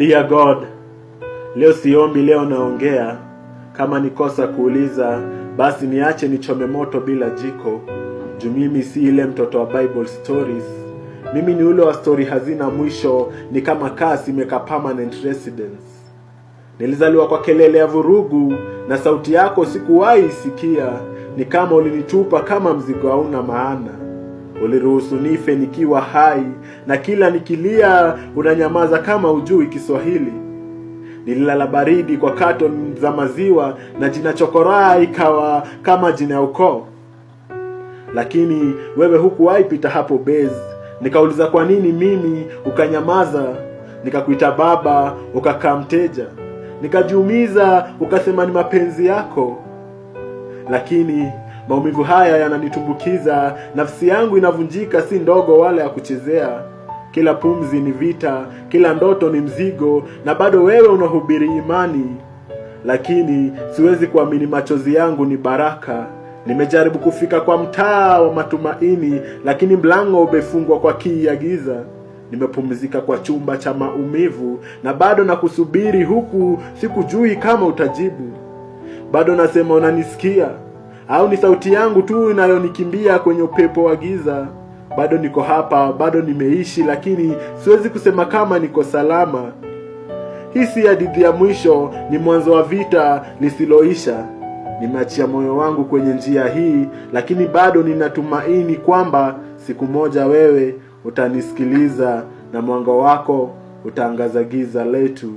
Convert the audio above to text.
Dear God, leo siombi, leo naongea. Kama nikosa kuuliza, basi niache nichome moto bila jiko. Juu mimi si ile mtoto wa Bible stories, mimi ni ule wa stori hazina mwisho, ni kama kasi imeka permanent residence. Nilizaliwa kwa kelele ya vurugu, na sauti yako sikuwahi isikia, ni kama ulinitupa kama mzigo hauna maana Uliruhusu nife nikiwa hai, na kila nikilia unanyamaza kama ujui Kiswahili. Nililala baridi kwa katon za maziwa, na jina chokoraa ikawa kama jina ya ukoo. Lakini wewe hukuwahi pita hapo bezi Nikauliza kwa nini mimi, ukanyamaza. Nikakuita baba, ukakaa mteja. Nikajiumiza, ukasema ni mapenzi yako, lakini Maumivu haya yananitumbukiza, nafsi yangu inavunjika, si ndogo wala ya kuchezea. Kila pumzi ni vita, kila ndoto ni mzigo, na bado wewe unahubiri imani. Lakini siwezi kuamini, machozi yangu ni baraka. Nimejaribu kufika kwa mtaa wa matumaini, lakini mlango umefungwa kwa kii ya giza. Nimepumzika kwa chumba cha maumivu, na bado nakusubiri huku, sikujui kama utajibu. Bado nasema unanisikia au ni sauti yangu tu inayonikimbia kwenye upepo wa giza? Bado niko hapa, bado nimeishi, lakini siwezi kusema kama niko salama. Hii si hadithi ya mwisho, ni mwanzo wa vita lisiloisha. Nimeachia moyo wangu kwenye njia hii, lakini bado ninatumaini kwamba siku moja wewe utanisikiliza na mwanga wako utaangaza giza letu.